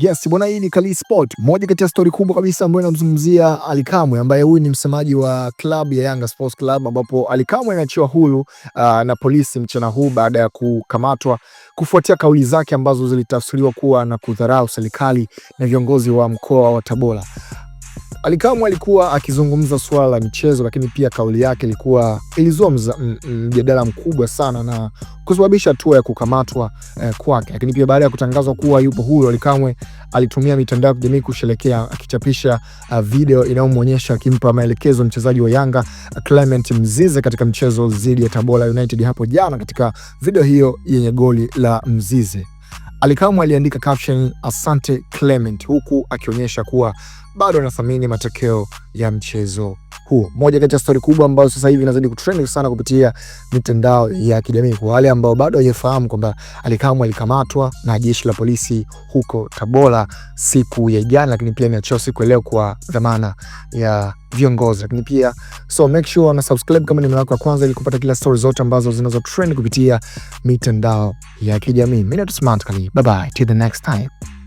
Yes bwana, hii ni Kali Sport, moja kati ya stori kubwa kabisa ambayo inamzungumzia Ally Kamwe ambaye huyu ni msemaji wa klabu ya Yanga Sports Club, ambapo Ally Kamwe huyu huru uh, na polisi mchana huu baada ya kukamatwa kufuatia kauli zake ambazo zilitafsiriwa kuwa na kudharau serikali na viongozi wa mkoa wa Tabora alikamwe alikuwa akizungumza suala la michezo, lakini pia kauli yake ilikuwa ilizua mjadala mkubwa sana na kusababisha hatua ya kukamatwa eh, kwake. Lakini pia baada ya kutangazwa kuwa yupo huyo alikamwe alitumia mitandao ya kijamii kusherekea, akichapisha uh, video inayomwonyesha akimpa maelekezo mchezaji wa Yanga Clement Mzize katika mchezo dhidi ya Tabora United hapo jana, katika video hiyo yenye goli la Mzize. Alikamwe aliandika caption asante Clement, huku akionyesha kuwa bado anathamini matokeo ya mchezo huo. Moja kati ya stori kubwa ambayo sasa hivi inazidi kutrend sana kupitia mitandao ya kijamii kwa wale ambao bado hawajafahamu kwamba Alikamwe alikamatwa na jeshi la polisi huko Tabora siku ya jana, lakini pia ameachiwa siku leo kwa dhamana ya viongozi lakini pia so make sure una subscribe kama ni mara yako ya kwanza, ili kupata kila stori zote ambazo zinazo trend kupitia mitandao ya kijamii. Mimi ni Smart Kali, bye bye till the next time.